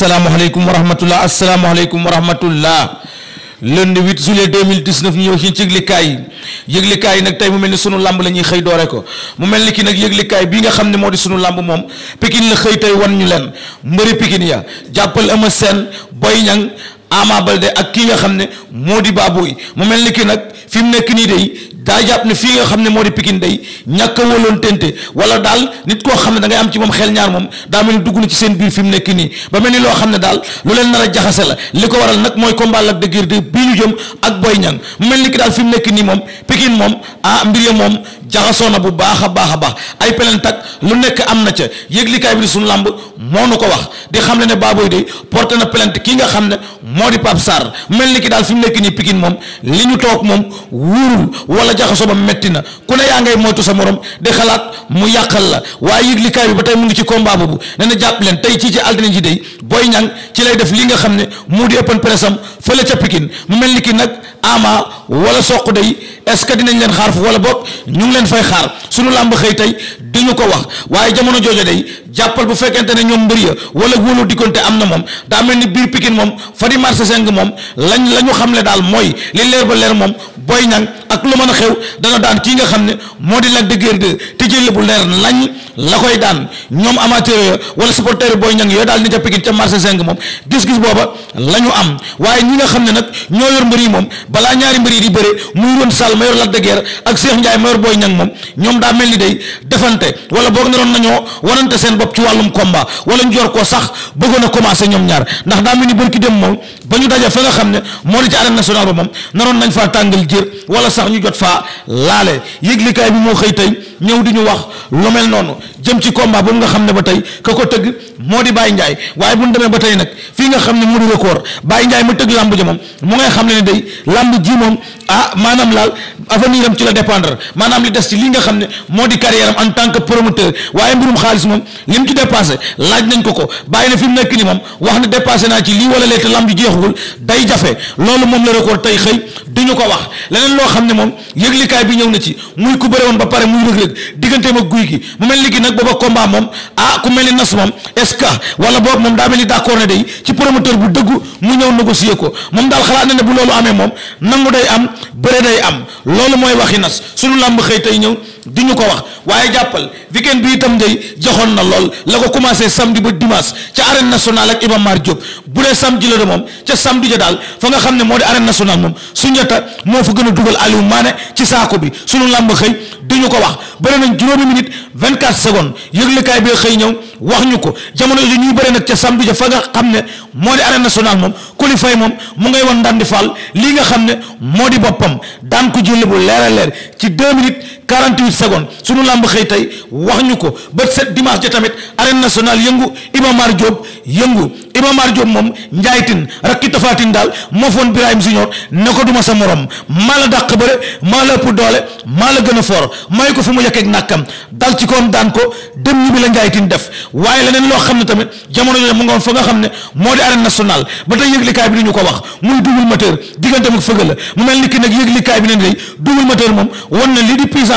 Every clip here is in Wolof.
asalaamaaleykum wa rahmatulah asalaamaaleykum wa rahmatulah. lundi 8 juillet 2019 ñu ñëw ci yëglikaay yi yëglikaay yi nag tey mu mel ni sunu lamb la ñuy xëy doore ko mu mel ni ki nag yëglikaay bii nga xam ne moo di sunu lamb moom Pikine la xëy tey wan ñu leen mbëri Pikine ya jàppal Eumeu seen Boy Niang Ama Balde ak kii nga xam ne moo di Baboy mu mel ni ki nag fi mu nekk nii day daa jàpp ne fii nga xam ne moo di Pikine day ñàkk a wóoloon tente wala daal nit koo xam ne da am ci moom xel ñaar moom daa mel ni dugg na ci seen biir fi mu nekk nii ba mel ni loo xam ne daal lu leen nar a jaxase la li ko waral nag mooy combat Lac de Guiers bii ñu jëm ak Boy Niang mu mel ni ki daal fi mu nekk nii moom Pikine moom ah mbir ya moom jaxasoo na bu baax a baax a baax ay peleen tak lu nekk am na ca yëglikaay bi di suñu làmb moo nu ko wax di xam le ne baaboy de porté na plainte ki nga xam ne moo di Pape Sarr mel ni ki daal fi mu nekk nii Pikine moom li ñu toog moom wuurul wala jaxasoo ba metti na ku ne yaa ngay moytu sa morom di xalaat mu yàqal la waaye yëglikaay bi ba tey mu ngi ci combat boobu nee na jàpp leen tey ci ci altine ji day Boy Niang lay def li nga xam ne mu di ëppan presam fële ca Pikine mu mel ni ki nag ama wala soq day est ce que dinañ leen xaar fu wala boog ñu leen fay xaar suñu làmb xëy tey di ñu ko wax waaye jamono joojo day jàppal bu fekkente ne ñoom mbër ya wala wóolu diggante am na moom daa ni biir Pikine moom fa di marché moom lañ la ñu xam ne daal mooy li leer ba leer moom Boy Niang ak lu mën a xew dana daan kii nga xam ne moo di Lac de Guiers te jël bu leer lañ la koy daan ñoom amateur yooyu wala supporteur booy ñang yooyu daal ni ca Pikine ca marché 5 moom gis-gis booba la ñu am waaye ñi nga xam ne nag ñoo yor mbër yi moom balaa ñaari mbër yi di bëre muy woon Sall ma yor Lac ak Cheikh Ndiaye ma booy ñang moom ñoom daa mel ni day defante wala boog naroon nañoo wanante seen bopp ci wàllum combat wala ñu jor ko sax bëggoon a commencé ñoom ñaar ndax daa mel ni bërki dem moom ba ñu daje fa nga xam ne moo di ci arène nationale moom naroon nañ faa tàngal jër wala sax ñu jot faa laale yëglikaay bi moo xëy tey ñëw di ñu wax lu mel noonu jëm ci ba mu nga xam ne ba tey ka ko tëgg moo di Baye Ndiaye waaye bu ñu demee ba tey nag fii nga xam ne mu a record bàyyi Ndiaye ma tëgg làmb ji moom mu ngay xam ne ne dey làmb ji moom ah maanaam laal avenir am ci la dépendre maanaam li des ci li nga xam ne moo di carrière am en tan que promoteur waaye mbirum xaalis moom li mu ci dépassé laaj nañ ko ko bàyyi na fi mu nekk ni moom wax ne dépassé naa ci lii wala lee te lamb ji jeexagul day jafe loolu moom la record tey xëy du ñu ko wax leneen loo xam ne moom yëglikaay bi ñëw na ci muy ku bëre woon ba pare muy rëg-rëg digganteem ak guy gi mu mel ni gi nag booba combat moom ah ku mel ni nas moom est-ce que wala boobu moom daa mel ni d'accord ne day ci promoteur bu dëggu mu ñëw négocier ko moom daal xalaat na ne bu amee moom nangu bëre day am loolu mooy waxi nas sunu làmb xëy tey ñëw di ñu ko wax waaye jàppal weekend bi itam day joxoon na lool la ko commencé samedi ba dimanche ca arène nationale ak Iba Mar Diop bu dee sam la moom ca samedi ja daal fa nga xam ne moo di arène national moom su njata moo fa gën a dugal Aliou Mané ci saako bi sunu làmb xëy di ñu ko wax bëre nañ juróomi minute vingt quatre secondes yëglekaay bi xëy ñëw. wax ñu ko jamono ji ñuy bëre nag ca samedi ja fa nga xam ne moo di arène nationale moom Coly Faye moom mu ngay woon Ndandi Fall lii nga xam ne moo di boppam daan ko jël bu leer a leer ci deux minutes 48 secondes sunu làmb xëy tey wax ñu ko ba set dimanche ja tamit arène nationale yëngu Iba Mar Diop yëngu Iba Mar Diop moom njaaytin rakki tafaatin daal moo foon Birahim Junior ne ko duma sa morom maa la dàq bëre maa la ëpp doole maa la gën a foor may ko fu mu yekkeeg nàkkam dal ci koom daan ko dem ñibbi la njaaytin def waaye leneen loo xam ne tamit jamono jooju mu ngoon fa nga xam ne moo di arène nationale ba tey yëglikaay bi ni ñu ko wax muy double moteur diggante mu fëgg la mu mel ni ki nag yëglikaay bi ne day double moteur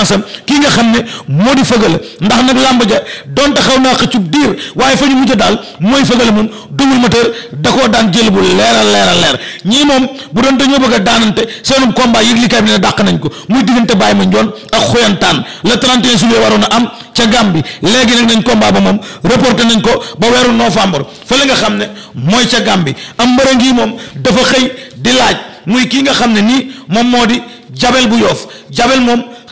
référence am kii nga xam ne moo di fëgala ndax nag làmb ja donte xaw naa xëccub diir waaye fa ñu mujj daal mooy fëgala moom double moteur da koo daan jël bu leeral leeral leer ñii moom bu doon dañoo bëgg a daanante seenum combat yëg likaay bi ne dàq nañ ko muy diggante bàyyi ma njoon ak xoyantaan le 31 juillet waroon a am ca Gàmbi léegi nag nañ combat ba moom reporté nañ ko ba weeru novembre fa la nga xam ne mooy ca Gàmbi am mbërë ngi moom dafa xëy moo di jabel bu yoof jabel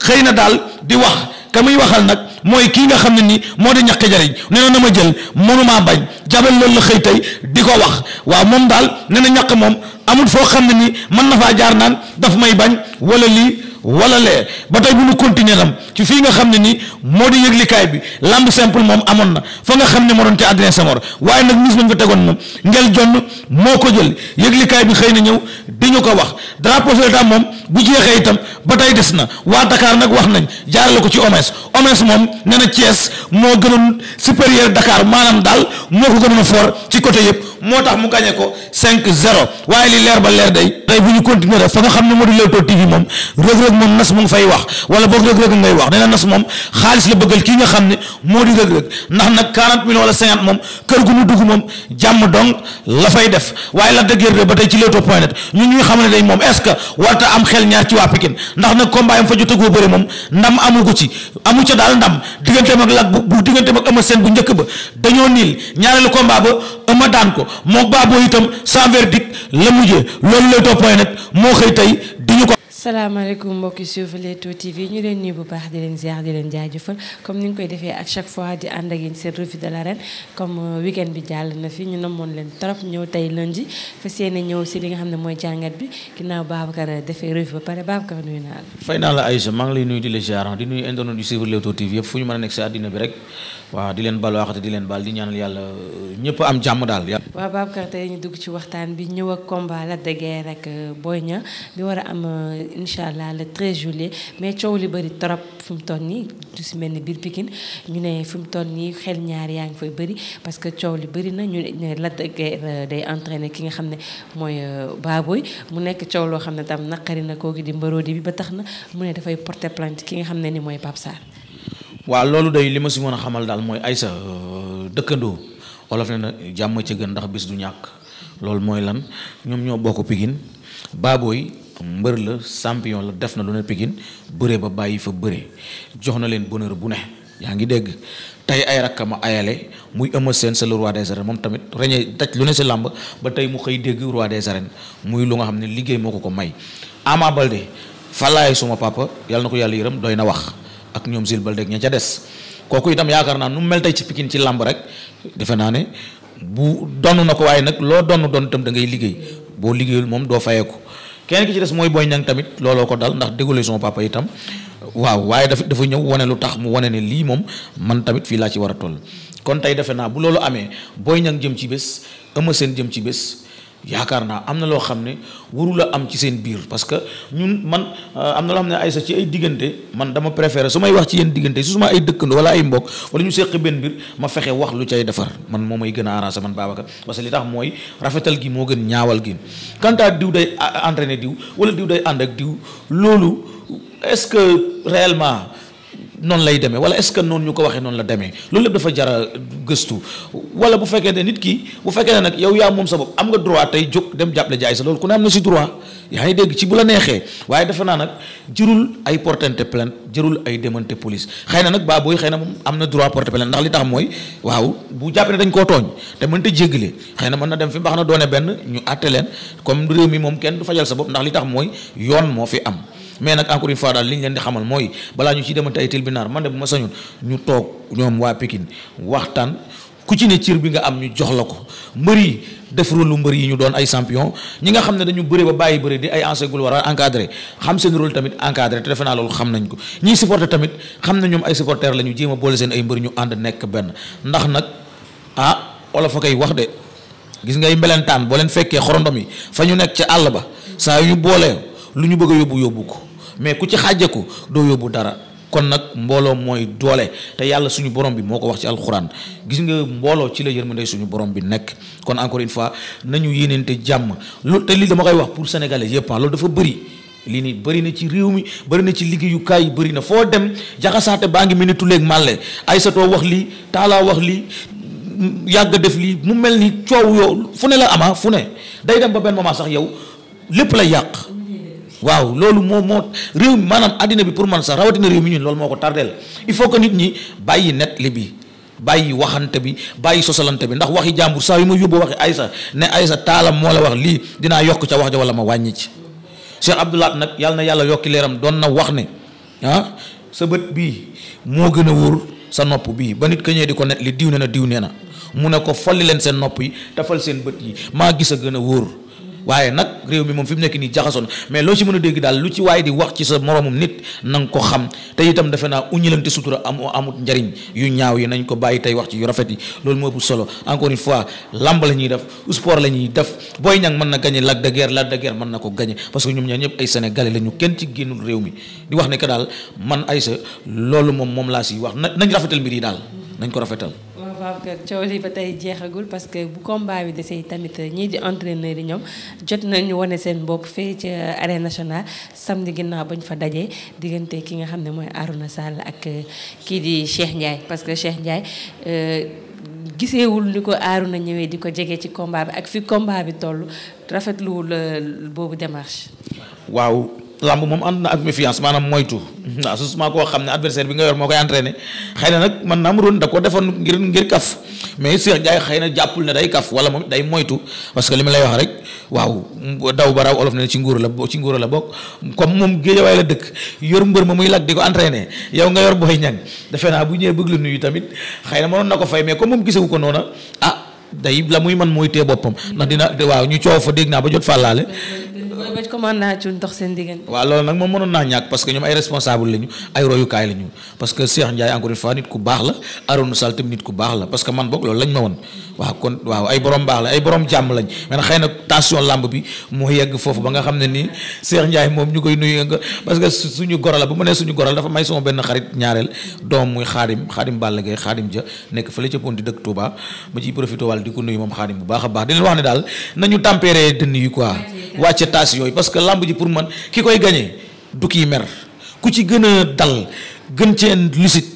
xëy na daal di wax ka muy waxal nag mooy kii nga xam ne nii moo di ñàkk jariñ nee na na ma jël mënumaa bañ jabel la xëy tey di ko wax waaw moom daal nee na ñàkk moom amul foo xam ne nii mën na faa jaar naan daf may bañ wala lii wala lee ba tey bu ñu continuer nam ci fii nga xam ne nii moo di yëglikaay bi lamb simple moom amoon na foo nga xam ne moo doon ci Adrien Samor waaye nag mise ba ñu fa tegoon moom ngel jonn moo ko jël yëglikaay bi xëy na ñëw di ñu ko wax drapeau moom. bu jeexee itam ba tey des na waa dakaar nag wax nañ la ko ci OMS OMS moom nee na Thiès moo gënoon supérieur Dakar maanaam daal moo ko gënoon fort ci yëpp moo tax mu gagné ko 5-0 waaye li leer ba leer day tey bu ñu continuer rek fa xam ne moo di Leewtoo TV nas fay wax wala boog rëg wax nee na nas moom xaalis la bëggal kii nga xam ne moo di rëg-rëg ndax nag 40 millions wala 50 moom kër gu mu dugg moom jàmm dong la fay def waaye la dëgër ba tey ci Leewtoo point ñuy xam ne day moom est-ce que am xel daaneel ñaar ci waa Pikine ndax nag combat yam fa jot a ko bëre moom ndam amu ko ci amu ca daal ndam digganteem ak lag bu digganteem ak Eumeu Sène bu njëkk ba dañoo niil ñaareelu combat ba Eumeu daan ko mook Baboy itam sans verdict la mujjee loolu lay toppooy nag moo xëy tey di ko salaamaaleykum mbokki suuf Leewtoo TV ñu leen nuyu bu baax di leen ziar di leen jaajëfal comme ni nga koy defee ak chaque fois di ànd ak yéen seen revue de l'arène comme euh, weekend bi jàll na fi ñu namoon leen trop ñëw tey lundi fas seeni ñëw si li nga xam ne mooy jàngat bi ginnaaw Babacar defee revue ba pare Babacar nuyu naa la. fay naa la Aïssa maa ngi lay nuyu di la di nuyu internet yu suivre Leewtoo TV yëpp fu ñu mën a nekk si àddina bi rek. waaw di leen baal waxate di leen baal di ñaanal yàlla ñëpp am jàmm daal. waaw Babacar tey ñu dugg ci waxtaan bi ñëw ak combat Lac de Guiers ak euh, Boy Niang bi war a am euh, incha allah le 13 juillet mais coow li bëri trop fi mu toll nii du si mel ni biir Pikine ñu ne fi mu toll nii xel ñaar yaa ngi fay bëri parce que coow li bëri na ñu ne Lac de Guiers euh, day entraîné ki nga xam ne mooy Baboy mu nekk coow loo xam ne tam naqari na kooku di mbarodi bi ba tax na mu ne dafay porter plainte ki nga xam ne ni mooy Pape Sarr. waaw loolu day li ma si mën a xamal daal mooy ay sa euh, dëkkandoo wolof ne na jàmm ci gën ndax bis du ñàkk loolu mooy lan ñoom ñoo bokk Pikine Baboy mbër la champion la def na lu ne Pikine bëre ba bàyyi fa bëre jox na leen bonheur bu ne yaa ngi dégg tey ay rakkama ayale muy Eumeu Sène sa le roi des arènes moom tamit reñe daj lu ne si làmb ba tey mu xëy dégg roi des arènes muy lu nga xam ne liggéey moo ko ko may Ama Baldé falaay suma papa yàlla na ko yàlla yërëm doy na wax ak ñoom Jules Baldé ña ca des kooku itam yaakaar naa nu mel tey ci Pikine ci làmb rek defe naa ne bu donn na ko waaye nag loo donn doon itam dangay liggéey boo liggéeyul moom doo ko kenn ki ci des mooy booy ñan tamit looloo ko dal ndax déggoo son papa itam waaw waaye dafa dafa ñëw wane lu tax mu wane ne lii moom man tamit fii laa ci war a toll kon tey defe naa bu loolu amee Boy Niang jëm ci bés Eumeu seen jëm ci bés yaakaar naa am na loo xam ne warula am ci seen biir parce que ñun man euh, am na loo xam ne ay sa ci ay diggante man dama préféré su may wax ci yéen diggante su ma ay dëkkandoo wala ay mbokk wala ñu seq benn biir ma fexe wax lu cay defar man moo may gën a arrangé man baaba parce que li tax mooy rafetal gi moo gën ñaawal gi quant à diw day entraîné diw wala diw day ànd ak diw loolu est-ce que réellement noonu lay demee wala est-ce que noonu ñu ko waxee noonu la demee loolu lépp dafa jara gëstu wala bu fekkee ne nit ki bu fekkee ne nag yow yaa moom sa bopp am nga droit tey jóg dem jàppale jaay sa loolu ku am na si droit yaa ngi dégg ci bu la neexee waaye defe naa nag jërul ay portente plainte jërul ay demante police xëy na nag baa booy xëy na moom am na droit porter plainte ndax li tax mooy waaw bu jàppee dañ koo tooñ te mënta jéggale xëy na mën na dem fi mbaax na doone benn ñu àtte leen comme mi moom kenn du fajal sa bopp ndax li tax mooy yoon moo fi am mais nag encore une fois daal li ñu leen di xamal mooy balaa ñu ciy demante ay tribunal man de bu ma sañoon ñu toog ñoom waa Pikine waxtaan ku ci ne cër bi nga am ñu jox la ko mbër yi def rôle lu mbër yi ñu doon ay champion ñi nga xam ne dañu bëre ba bàyyi bëre di ay ancien goal war a encadré xam seen rôle tamit encadré te defe naa loolu xam nañ ko ñiy supporter tamit xam na ñoom ay supporter la ñu jéem a boole seen ay mbër ñu ànd nekk benn ndax nag ah olof a koy wax de gis ngay mbelentaan boo leen fekkee xorondom yi fa ñu nekk ca àll ba saa yu ñu lu ñu bëgg a yóbbu yóbbu ko mais ku ci ko doo yóbbu dara kon nag mbooloo mooy doole te yàlla suñu borom bi moo ko wax ci alxuraan gis nga mbooloo ci la yërmande suñu borom bi nekk kon encore une fois nañu yéeneente jàmm loolu lii dama koy wax pour sénégalais yëpp ah, loolu dafa bëri lii nii bëri na ci réew mi bëri na ci liggéeyukaay yi bëri na foo dem jaxasaate baa ngi mel ni tuleeg màlle Aysatoo wax lii Taalaa wax lii mm, yàgg def lii mu mel ni coow fu ne la ama ah, fu ne day dem ba benn moment sax yow lépp la yàq. waaw loolu moo moo réew maanaam àddina bi pour man sax rawatina réew mi ñun loolu moo ko tardeel il faut que nit ñi bàyyi net li bi bàyyi waxante bi bàyyi sosalante bi ndax waxi jàmbur saa yu ma yóbbu waxi Aïssa ne Aïssa taalam moo la wax lii dinaa yokk ca wax ja wala ma wàññi ci Cheikh Abdoulaat nag yàlla na yàlla yokki leeram doon na wax ne ah, sa bët bii moo gën a wóor sa nopp bii ba nit ka di ko net li diw ne na diw nee na mu ne ko folli leen seen nopp yi tafal seen bët yi maa gis a gën a wóor waaye nag réew mi moom fi mu nekk nii jaxasoon mais loo ci mën a dégg daal lu ci waaye di wax ci sa moroomum nit na nga ko xam te itam defe naa uñilante sutura am amut njariñ yu ñaaw yi nañ ko bàyyi tey wax ci yu rafet yi loolu moo ëpp solo encore une fois lamb la ñuy def sport la ñuy def booy Niang mën na gagné la de la Lac de mën na ko gagné parce que ñoom ñaar ñëpp ay sénégalais la ñu kenn ci génnul réew mi di wax ne que daal man ay sa loolu moom moom laa si wax na nañ rafetal mbir yi daal nañ ko rafetal. waaw Babacar coow li ba tey jeexagul parce que bu combat bi desee tamit ñii di entraîneur yi ñoom jot nañu wane seen bopp fee ci arène nationale samedi ginnaaw bañ fa dajee diggante ki nga xam ne mooy na Sall ak euh, kii di Cheikh Ndiaye parce que Cheikh Ndiaye. Euh, giseewul ni ko aaru na ñëwee di ko jege ci combat bi ak fi combat bi toll rafetluwul euh, boobu démarche. waaw làmb moom ànd na ak méfiance maanaam moytu waaw su ma koo xam ne adversaire bi nga yor moo koy entraîné xëy na nag man naa mu doon da ko defoon ngir ngir kaf mais Cheikh Ndiaye xëy na jàppul ne day kaf wala moom day moytu parce li ma lay wax rek waaw daw ba raw olof ne ci nguur la ci nguur la bokk comme moom géejawaay la dëkk yor mbër ma muy lak di ko entraîné yow nga yor booy ñang defe naa bu ñëwee bëgg la nuyu tamit xëy na mënoon na ko day la muy man mooy tee boppam ndax dina waaw ñu coow fa dégg naa ba jot fàllaale waaw loolu nag moom mënoon naa ñàkk parce que ñoom ay responsable lañu ay royukaay lañu parce que Cheikh Ndiaye encore une fois nit ku baax la Arouna Sall tam nit ku baax la parce que na tension làmb bi moo foofu ba nga xam ne nii Cheikh Ndiaye moom ñu koy nuy nga parce que suñu goro la bu ma nee suñu goro la dafa may sama benn xarit ñaareel doom muy xaadim xaadim Balla Gaye xaadim ja nekk fële ca Ponti dëkk Touba ma ciy profité di ko nuyu moom xaadim bu baax a baax di leen wax ne daal nañu tempéré dënn yi quoi wàcce taas yooyu parce que lamb ji pour man ki koy gañee du kii mer ku ci gën a dal gën cee lucide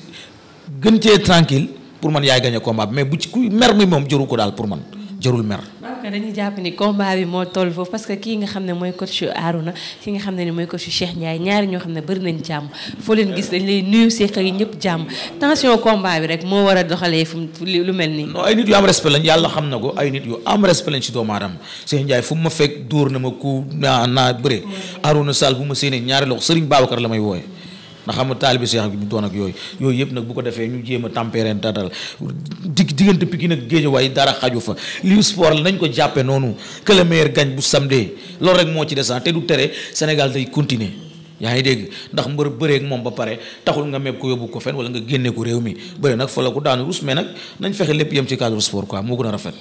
gën cee tranquille pour man yaay gañe combat mais bu ci ku mer mi moom jëru ko daal pour man jërul mer que dañuy jàpp ni combat bi moo toll foofu parce que kii nga xam ne mooy coach Arouna ki nga xam ne ni mooy coach Cheikh Ndiaye ñaari ñoo xam ne bëri nañ jàmm foo leen gis dañ lay nuyu seeq yi ñëpp jàmm tension combat rek moo war a doxalee fu lu mel nii non ay xam na ko ay nit yu am respect lañ si doomu aadama ma fekk dóor na ma ku naa naa bëre mm. Arouna Sall bu ma séenee ñaari loxo Serigne Babacar la may wooye ndax xam nga taalibi seex bi doon ak yooyu yooyu yëpp nag bu ko defee ñu jéem a tempéré tatal dig diggante Pikine ak Guédiawaye dara xaju fa lii sport la ko jàppe noonu que le meilleur gagne bu samedi loolu rek moo ci desaan ah, te tere Sénégal day continuer yaa ngi dégg ndax mbër bëreek moom ba pare taxul nga meb ko yóbbu ko fen wala nga génne ko réew mi bëri nag fa la ko daanu rus mais nag nañ fexe lépp yem ci cadre sport quoi moo gën a rafet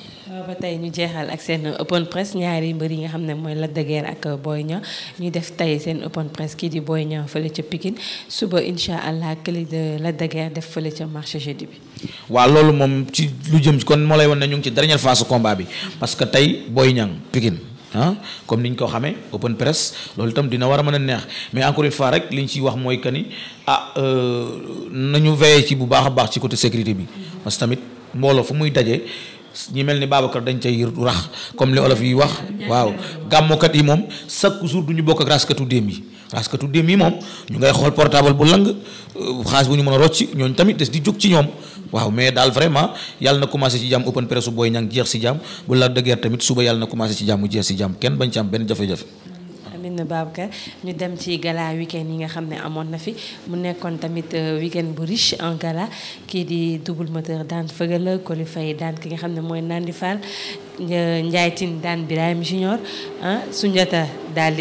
ba tey ñu jeexal ak seen open press ñaari mbër nga xam ne mooy la de Guiers ak Boy Niang ñu def tey seen open press kii di Boy Niang fële ca Pikine suba incha allah këli de Lac de def fële ca marché jeudi bi. waaw loolu moom ci lu jëm kon moo lay won ne ñu ngi ci dernière phase combat bi parce que tey Boy Niang Pikine ah comme niñ ko xamee open press loolu itam dina war a mën a neex mais encore une fois rek liñ ciy wax mooy que ni ah euh, nañu veillé ci bu baax a baax ci côté sécurité bi parce tamit mbooloo fu muy daje. ñi mel ni Babacar dañ cay rax comme li olof yi wax waaw gàmmokat yi moom chaque jour du ñu bokk ak raskatu déem yi raskatu déem yi moom ñu ngay xool portable bu lang euh, xaalis bu ñu mën a rocci ñooñu tamit des di jóg ci ñoom waaw mais daal vraiment yàlla na commencé ci jàmm open press booy ñang jeex si jàmm bu la dëggeer tamit suba yàlla na commencé ci jàmm jeex si jàmm kenn bañ ci am benn jafe-jafe génn Babacar ñu dem ci gala week yi nga xam ne amoon na fi mu nekkoon tamit euh, week bu riche en gala kii di double moteur daan fëgala li Faye daan ki nga xam ne mooy Nandi Fall Ndiaye Tine daan Birame Junior ah Sunjata daal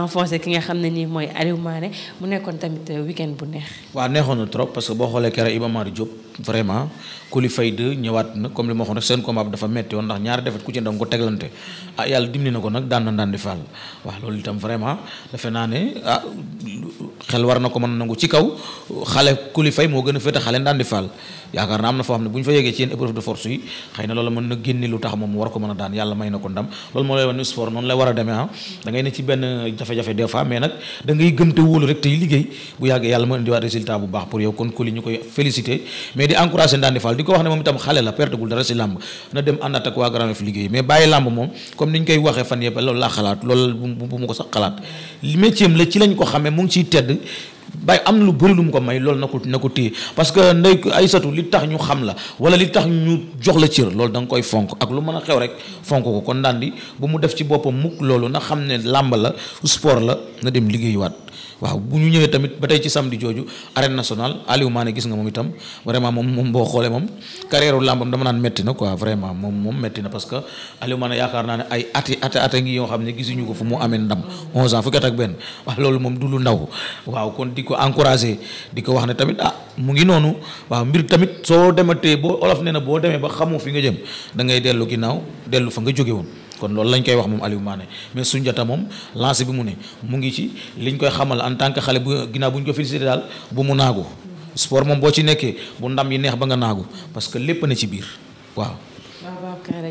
enfoncé ki nga xam ne nii mooy Aliou Mané mu nekkoon tamit weekend bu neex. waaw neexoon na trop parce que boo xoolee keroog Iba Mar Diop vraiment Kuli Faye de ñëwaat na comme li ma waxoon rek seen combat dafa metti woon ndax ñaari defet ku ci ndam ko teglante ah yàlla dimbali na ko nag daan na daan di fàll waaw loolu itam vraiment defe naa ne ah xel war na ko mën a nangu ci kaw xale li Faye moo gën a féete xale daan di faal yaakaar naa am na foo xam ne bu ñu fa yeggee ci yenn épreuve de force yi xëy na loolu mën na génne lu tax moom a daan yàlla may na ko ndam a ah. jafe-jafe des fois mais nag da ngay wóolu rek tey liggéey bu yàggee yàlla mën indiwaat résultat bu baax pour yow kon Coly ñu koy félicité mais di encouragé Ndandi Fall di ko wax ne moom itam xale la pertegul dara si làmb na dem ànd ak waa Grand liggéey mais bàyyi làmb moom comme ni ñu koy waxee fan yëpp loolu laa xalaat loolu bu mu ko sax xalaat métier la ci lañ ko xamee mu ngi tedd bay am na lu bëri lu mu ko may loolu na ko na ko téye parce que ndey Aysatu li tax ñu xam la wala li tax ñu jox la cër loolu danga koy fonk ak lu mën a xew rek fonk ko kon Ndandi bu mu def ci boppam mukk loolu na xam ne làmba la sport la na dem liggéeyuwaat. waaw bu ñu ñëwee tamit ba tey ci samedi jooju arène nationale Aliou Mané gis nga moom itam vraiment moom moom boo xoole moom carrière làmbam dama naan metti na quoi vraiment moom moom metti na parce que Aliou Mané yaakaar naa ne ay ati ati ati ngi yoo xam ne gisuñu ko fu mu amee ndam 11 ans fukki at ak benn waaw loolu moom du lu ndaw waaw kon di ko encouragé di ko wax ne tamit ah mu ngi noonu waaw mbir tamit soo dematee boo olof nee na boo demee ba xamoo fi nga jëm da dellu ginnaaw dellu fa nga jóge woon kon loolu lañ koy wax moom Aliou mais Soundiata moom lancé bi mu ne mu ngi ci ñu koy xamal en tant que xale bu ginnaaw bu ñu ko félicité daal bu mu naagu sport moom boo ci nekkee bu ndam yi neex ba nga naagu parce que lépp na ci biir waaw.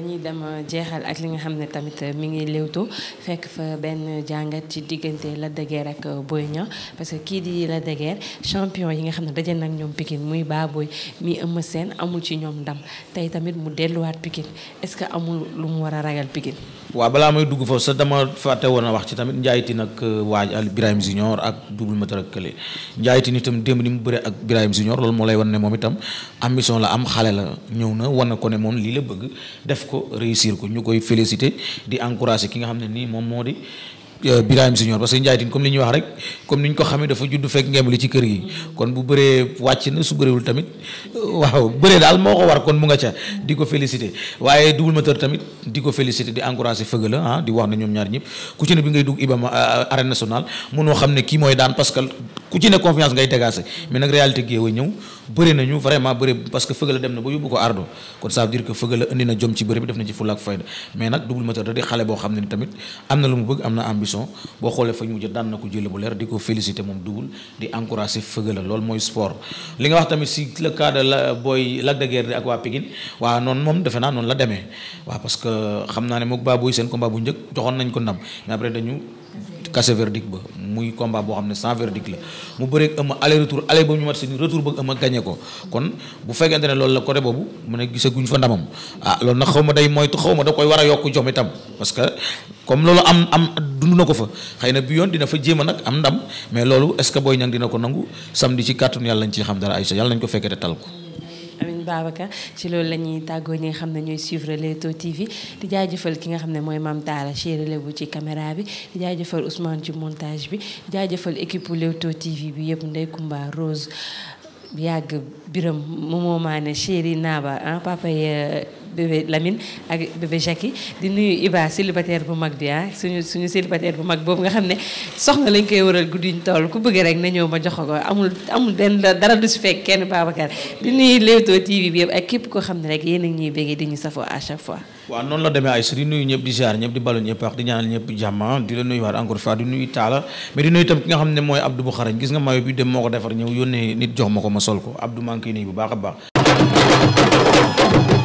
dañuy dem euh, jeexal ak li nga xam ne tamit euh, mi ngi léewtu fekk fa benn jàngat ci diggante la de Guiers ak euh, Boy Niang parce que kii di Lac de Guiers champion yi nga xam ne daje nag ñoom Pikine muy Baboy mi Eumeu seen amul ci ñoom ndam tey tamit mu delluwaat Pikine est-ce que amul lu mu war a ragal Pikine waaw balaa may dugg foofu sax dama fàtte woon a wax ci tamit njaayiti nag waaj al Birahim Junior ak double moteur ak kële njaayiti ni itam démb ni mu bëre ak Birahim Junior loolu moo lay wan ne moom itam ambition la am xale la ñëw na wan na ko réussir ko ñu koy féliciter di encourager ki nga xam ne nii moom moo di euh, Birahim Senior parce que Ndiaye comme li ñuy wax rek comme ni ñu ko xamee dafa judd fekk ngeen ci kër gi kon bu bëree wàcc na su bëreewul tamit euh, waaw bëree daal moo ko war kon mu nga ca di ko féliciter waaye double moteur tamit di ko féliciter di encourager fëgg la ah, di wax ne ñoom ñaar ñëpp ku ci ne bi ngay dugg Ibama euh, arène nationale mënoo xam ne kii mooy daan parce ku ci bëri nañu vraiment bëri parce que Feugeula dem na ba yóbbu ko ardo kon ça veut dire que Feugeula indi na jom ci bëri bi def na ci fulla ak fayda mais nag double moteur da di xale boo xam ne ni tamit am na lu mu bëgg am na ambition boo xoolee fa mujj daan na ko jële bu leer di ko féliciter moom double di encourager Feugeula loolu mooy sport li nga wax tamit si le cas la booy Lac de ak waa Pikine waa noonu moom defe naa noonu la demee waaw parce que xam naa ne mook baa buy seen combat bu njëkk nañ ko ndam kase verdict ba muy combat boo xam ne sans verdict la mu bëreeg ëmma aller retour aller ba ñu mat seen retour ba ëmma gagné ko kon bu fekkente ne loolu la côté boobu mu ne gisaguñ fa ndamam ah loolu nag xaw ma day moytu xaw ma da koy war a yokk jom itam parce que comme loolu am am dund na ko fa xëy na bi yoon dina fa jéem a nag am ndam mais loolu est ce ñang dina ko nangu samedi ci kàttanu yàlla nañ ci xam dara ay sa yàlla nañ ko fekkete tal ko Babacar ci loolu la ñuy tàggoo ñi nga xam ne ñooy suivre Leewtoo TV di jaajëfal ki nga xam ne mooy Mame Talla chérélé bu ci caméra bi di jaajëfal Ousmane ci montage bi di jaajëfal équipe Leewtoo TV bi yëpp Ndey Kumba Rose yàgg Biram Momo Mané Chéri Naba ah papa bébé Lamine ak bébé Jackie di nuyu Iba célibataire bu mag bi ah suñu suñu célibataire bu mag boobu nga xam ne soxna lañ koy waral guddi ñu toll ku bëggee rek na ñëw ma jox ko amul amul benn dara du si fekk kenn Babacar di nuyu Leewtoo TV bi yëpp ak képp koo xam ne rek yéen a ngi ñuy bëggee di ñu safoo à chaque fois. waaw noonu la demee ay su di nuyu ñëpp di ziar ñëpp di balu ñëpp wax di ñaanal ñëpp jàmm ah, di la nuyuwaat encore fois di nuyu taala mais di nuyu tam ki ne mooy Abdou bu xarañ gis nga mayo bi dem moo ko defar ñëw nit jox ma ko ma sol ko Abdou maa ngi koy baax a baax